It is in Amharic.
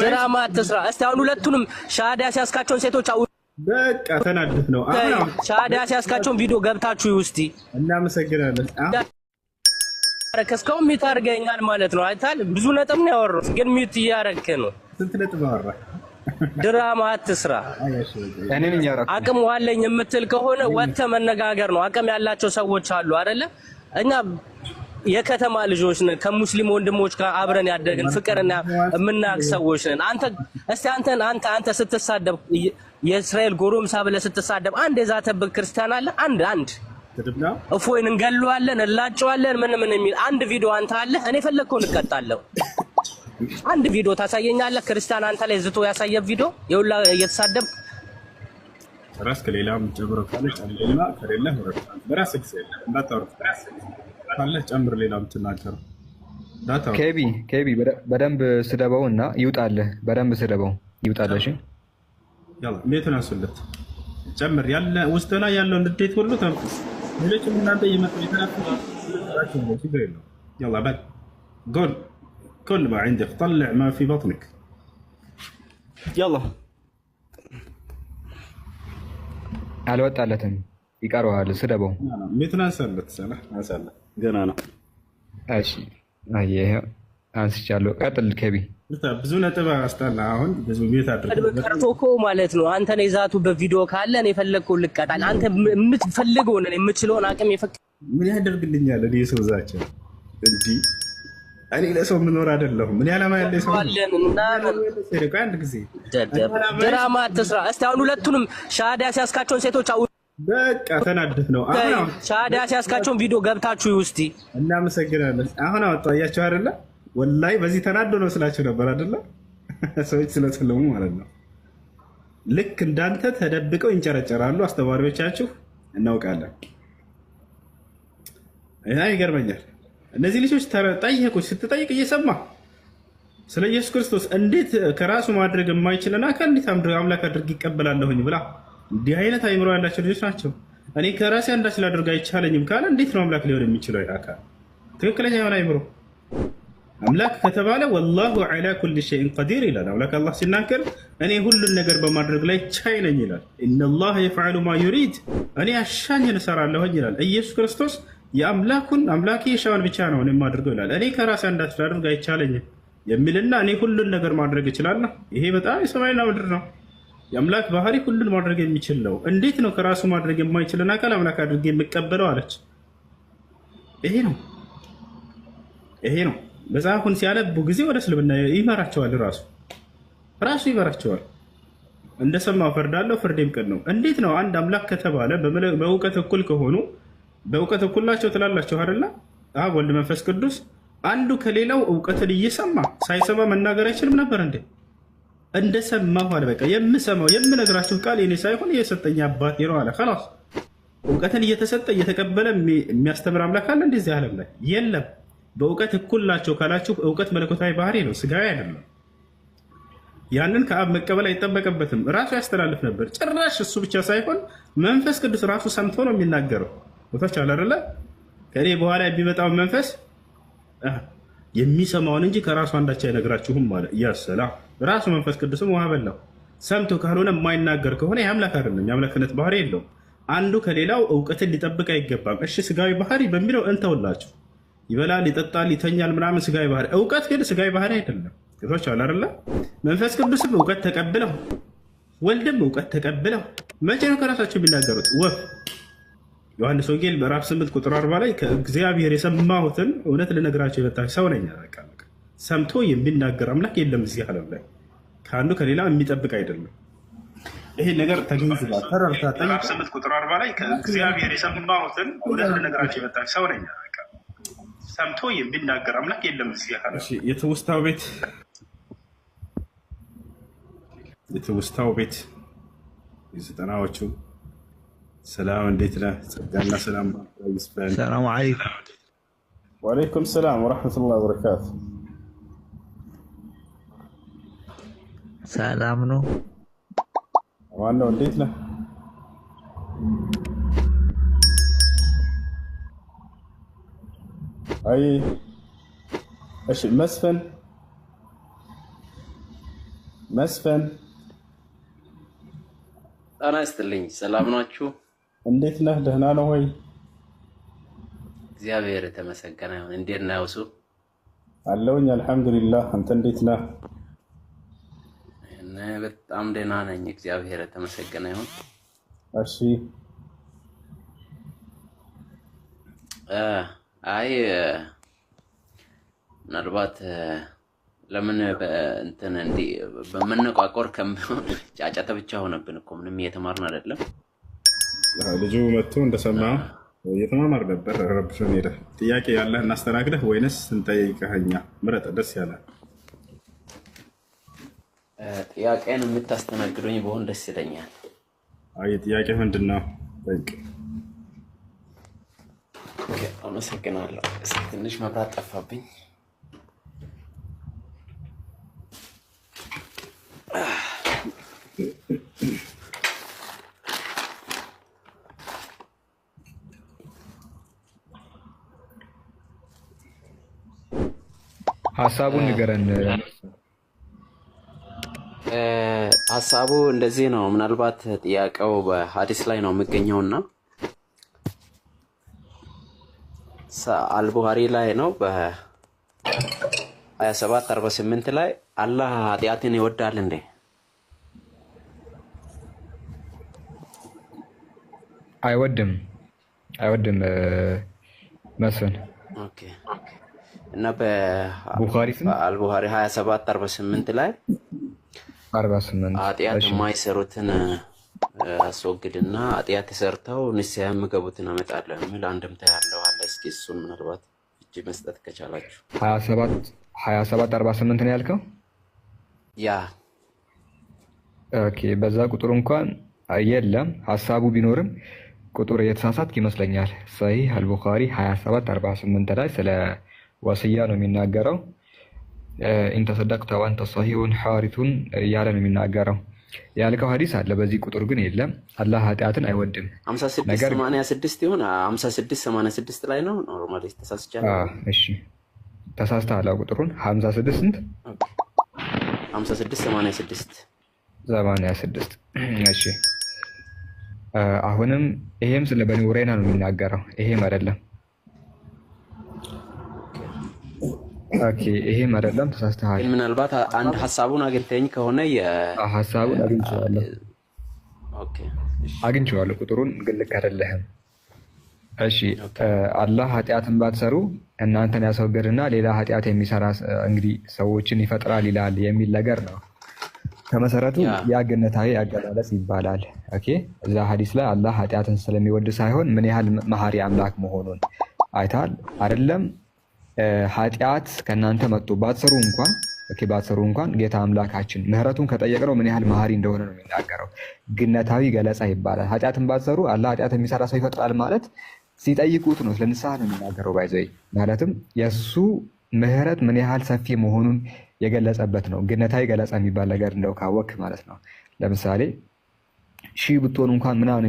ድራማ አትስራ። እስቲ አሁን ሁለቱንም ሻዳ ሲያስካቸውን ሴቶች በቃ ተናድፍ ነው። ሻዳ ሲያስካቸውን ቪዲዮ ገብታችሁ ውስቲ እናመሰግናለን። እስካሁን ሚት አድርገኛል ማለት ነው። አይታል ብዙ ነጥብ ነው ያወራሁት፣ ግን ሚት እያደረክ ነው። ስንት ነጥብ አወራ? ድራማ አትስራ። አቅም ዋለኝ የምትል ከሆነ ወጥተህ መነጋገር ነው። አቅም ያላቸው ሰዎች አሉ አይደለ? እኛ የከተማ ልጆች ነን። ከሙስሊም ወንድሞች ጋር አብረን ያደግን ፍቅርና የምናውቅ ሰዎች ነን። አንተ እስቲ አንተን አንተ አንተ ስትሳደብ የእስራኤል ጎረምሳ ብለህ ስትሳደብ አንድ የዛተብህ ክርስቲያን አለ? አንድ አንድ እፎይን እንገለዋለን፣ እላጨዋለን፣ ምን ምን የሚል አንድ ቪዲዮ አንተ አለ? እኔ ፈለግከውን እንቀጣለሁ። አንድ ቪዲዮ ታሳየኛለህ? ክርስቲያን አንተ ላይ ዝቶ ያሳየ ቪዲዮ የሁላ እየተሳደብ ራስ ከሌላም ጨምሮ ካለ ጨምሮና ከሌላ በራስ ጊዜ እንዳታወራ ካለህ ጨምር፣ ሌላ ብትናገር ኬቢ ኬቢ በደንብ ስደበው እና ይውጣልህ። በደንብ ስደበው ይውጣለሽ። ቤቱን ያሱለት ጨምር። ውስጥ ላይ ያለውን ንዴት ሁሉ ተንፍስ። እናንተ እየመጡ ችግር የለው ጎል كل ما عندك طلع ما አልወጣለትም ይቀረዋል። ስደበው ሚትናሳለት ገና ነው። እሺ አንስቻለሁ። ቀጥል ከቢ ብዙ ነጥብ አስጣላ። አሁን ብዙ ቤት አድርገቀርቶ እኮ ማለት ነው አንተ ነው የዛቱ በቪዲዮ ካለ እኔ የፈለግከውን ልቀጣል። አንተ የምትፈልገው ሆነ የምችለውን አቅም የፈ ምን ያደርግልኛል? እኔ ሰው ዛቸው እንዲህ እኔ ለሰው ምኖር አይደለሁም። ምን ዓላማ ያለ ሰው ጊዜ ድራማ አትስራ እስቲ። አሁን ሁለቱንም ሻሃዳ ሲያስካቸውን ሴቶች በቃ ተናደፍ ነው። ሻዳ ሲያስካቸውን ቪዲዮ ገብታችሁ ውስቲ እናመሰግናለን። አሁን አወጣ እያቸው አይደለ? ወላይ በዚህ ተናዶ ነው ስላቸው ነበር አይደለ? ሰዎች ስለሰለሙ ማለት ነው። ልክ እንዳንተ ተደብቀው ይንጨረጨራሉ አስተማሪዎቻችሁ፣ እናውቃለን። ይህ ይገርመኛል። እነዚህ ልጆች ጠየቁች፣ ስትጠይቅ እየሰማ ስለ ኢየሱስ ክርስቶስ እንዴት ከራሱ ማድረግ የማይችልና አካል አምላክ አድርግ ይቀበላለሁኝ ብላ እንዲህ አይነት አይምሮ ያላቸው ልጆች ናቸው። እኔ ከራሴ አንዳች ላደርግ አይቻለኝም ካለ እንዴት ነው አምላክ ሊሆን የሚችለው? አካል ትክክለኛ የሆነ አይምሮ አምላክ ከተባለ ወላሁ ዓላ ኩል ሸይን ቀዲር ይላል። አምላክ አላህ ሲናገር እኔ ሁሉን ነገር በማድረግ ላይ ቻይ ነኝ ይላል። ኢነላህ የፍዐሉ ማ ዩሪድ፣ እኔ አሻኝ እሰራለሁኝ ይላል። ኢየሱስ ክርስቶስ የአምላኩን አምላኬ የሻውን ብቻ ነው የማድርገው ይላል። እኔ ከራሴ አንዳች ላደርግ አይቻለኝም የሚልና እኔ ሁሉን ነገር ማድረግ እችላለሁ፣ ይሄ በጣም የሰማይና ምድር ነው። የአምላክ ባህሪ ሁሉን ማድረግ የሚችል ነው። እንዴት ነው ከራሱ ማድረግ የማይችልን አካል አምላክ አድርጌ የምቀበለው አለች። ይሄ ነው ይሄ ነው መጽሐፉን ሲያነቡ ጊዜ ወደ እስልምና ይመራቸዋል። ራሱ ራሱ ይመራቸዋል። እንደሰማው ፈርዳለሁ፣ ፍርዴም ቅን ነው። እንዴት ነው አንድ አምላክ ከተባለ በእውቀት እኩል ከሆኑ በእውቀት እኩላቸው ትላላቸው አይደለ? አብ፣ ወልድ፣ መንፈስ ቅዱስ አንዱ ከሌላው እውቀትን እየሰማ ሳይሰማ መናገር አይችልም ነበር እንዴ? እንደሰማሁ አለ። በቃ የምሰማው የምነግራችሁ ቃል የኔ ሳይሆን የሰጠኝ አባቴ ነው አለ። ከላስ እውቀትን እየተሰጠ እየተቀበለ የሚያስተምር አምላክ አለ እንደዚህ ዓለም ላይ የለም። በእውቀት እኩል ናቸው ካላችሁ እውቀት መለኮታዊ ባህሪ ነው፣ ስጋዊ አይደለም። ያንን ከአብ መቀበል አይጠበቅበትም። ራሱ ያስተላልፍ ነበር። ጭራሽ እሱ ብቻ ሳይሆን መንፈስ ቅዱስ ራሱ ሰምቶ ነው የሚናገረው። ቦታች አለ አይደለ? ከእኔ በኋላ የሚመጣውን መንፈስ የሚሰማውን እንጂ ከራሱ አንዳች አይነግራችሁም አለ። እያሰላ ራሱ መንፈስ ቅዱስም ውሃ በላው። ሰምቶ ካልሆነ የማይናገር ከሆነ የአምላክ አይደለም፣ የአምላክነት ባህሪ የለውም። አንዱ ከሌላው እውቀትን ሊጠብቅ አይገባም። እሺ ስጋዊ ባህሪ በሚለው እንተውላችሁ፣ ይበላል፣ ይጠጣል፣ ይተኛል ምናምን ስጋዊ ባህሪ። እውቀት ግን ስጋዊ ባህሪ አይደለም። ቶች አላርላ መንፈስ ቅዱስም እውቀት ተቀብለው ወልድም እውቀት ተቀብለው መቼ ነው ከራሳቸው የሚናገሩት? ወፍ ዮሐንስ ወንጌል ምዕራፍ 8 ቁጥር 40 ላይ ከእግዚአብሔር የሰማሁትን እውነት ልነግራቸው የመጣች ሰው ነኝ። ሰምቶ የሚናገር አምላክ የለም እዚህ ዓለም ላይ ከአንዱ ከሌላ የሚጠብቅ አይደለም። ይሄ ነገር ተገንዝባ ተረርታ ምዕራፍ 8 ቁጥር 40 ላይ ከእግዚአብሔር የሰማሁትን እውነት ልነግራቸው የመጣች ሰው ነኝ። ሰምቶ የሚናገር አምላክ የለም እዚህ ዓለም። የትውስታው ቤት የትውስታው ቤት የዘጠናዎቹ السلام عليكم سلام سلام السلام عليكم وعليكم السلام ورحمة الله وبركاته سلام نو وانا وديتنا اي ايش مسفن مسفن انا استلين سلام ناتشو እንዴት ነህ? ደህና ነው ወይ? እግዚአብሔር የተመሰገነ ይሁን። እንዴት ነህ እሱ? አለውኝ አልሐምዱሊላህ። አንተ እንዴት ነህ? በጣም ደህና ነኝ። እግዚአብሔር የተመሰገነ ይሁን። እሺ። አይ ምናልባት ለምን እንትን እንዲህ በመነቋቆር ጫጫተ ብቻ ሆነብን እኮ ምንም እየተማርን አይደለም። ልጁ መጥቶ እንደሰማ እየተማማር ነበር። ረብሽን ሄደ። ጥያቄ ያለህ እናስተናግደህ ወይንስ እንጠይቅህኛ? ምረጥ፣ ደስ ያለ ጥያቄን የምታስተናግዱኝ በሆን ደስ ይለኛል። አይ ጥያቄ ምንድን ነው? ጠይቅ። አመሰግናለሁ። ትንሽ መብራት ጠፋብኝ። ሀሳቡን ንገረን። ሀሳቡ እንደዚህ ነው። ምናልባት ጥያቄው በሀዲስ ላይ ነው የሚገኘውና አልቡሃሪ ላይ ነው በ27 48 ላይ አላህ ኃጢአትን ይወዳል እንዴ? አይወድም አይወድም መስፍን ኦኬ እና በአልቡሃሪ 27 48 ላይ ኃጢአት የማይሰሩትን አስወግድና ኃጢአት ተሰርተው ንስሐ የምገቡትን አመጣለሁ የሚል አንድምታ ያለው አለ። እስኪ እሱን ምናልባት እጅ መስጠት ከቻላችሁ 27 48 ነው ያልከው። ያ ኦኬ፣ በዛ ቁጥር እንኳን የለም ሀሳቡ ቢኖርም ቁጥር የተሳሳትክ ይመስለኛል። ሰሂህ አልቡኻሪ 27 48 ላይ ስለ ዋስያ ነው የሚናገረው። ኢንተሰደቅተ ወአንተ ሰሂሁን ሐሪቱን እያለ ነው የሚናገረው። ያልከው ሀዲስ አለ፣ በዚህ ቁጥር ግን የለም። አላህ ኃጢአትን አይወድም። 56 ይሆን 56 ላይ ነው ኖርማሊ ተሳስቻለሁ። እሺ ተሳስተሃል። ቁጥሩን 56 ስንት? 56 86 እሺ። አሁንም ይሄም ስለ በኒ ውሬና ነው የሚናገረው። ይሄም አይደለም ይሄም አይደለም ተሳስተሃል። ምናልባት አንድ ሀሳቡን አግኝተኝ ከሆነ ሀሳቡን አግኝቼዋለሁ አግኝቼዋለሁ ቁጥሩን ግን ልክ አይደለህም። እሺ አላህ ኃጢአትን ባትሰሩ እናንተን ያስወግድና ሌላ ኃጢአት የሚሰራ እንግዲህ ሰዎችን ይፈጥራል ይላል የሚል ነገር ነው ከመሰረቱ የአገነታዊ አገላለጽ ይባላል። ኦኬ እዛ ሀዲስ ላይ አላህ ኃጢአትን ስለሚወድ ሳይሆን ምን ያህል መሀሪ አምላክ መሆኑን አይተሃል አይደለም። ኃጢአት ከእናንተ መጡ ባትሰሩ እንኳን ባትሰሩ እንኳን ጌታ አምላካችን ምህረቱን ከጠየቅነው ምን ያህል መሐሪ እንደሆነ ነው የሚናገረው። ግነታዊ ገለጻ ይባላል። ኃጢአትን ባትሰሩ አላህ ኃጢአት የሚሰራ ሰው ይፈጥራል ማለት ሲጠይቁት ነው። ስለ ነው የሚናገረው። ባይዘይ ማለትም የእሱ ምህረት ምን ያህል ሰፊ መሆኑን የገለጸበት ነው። ግነታዊ ገለጻ የሚባል ነገር እንደው ካወክ ማለት ነው። ለምሳሌ ሺህ ብትሆኑ እንኳን ምናምን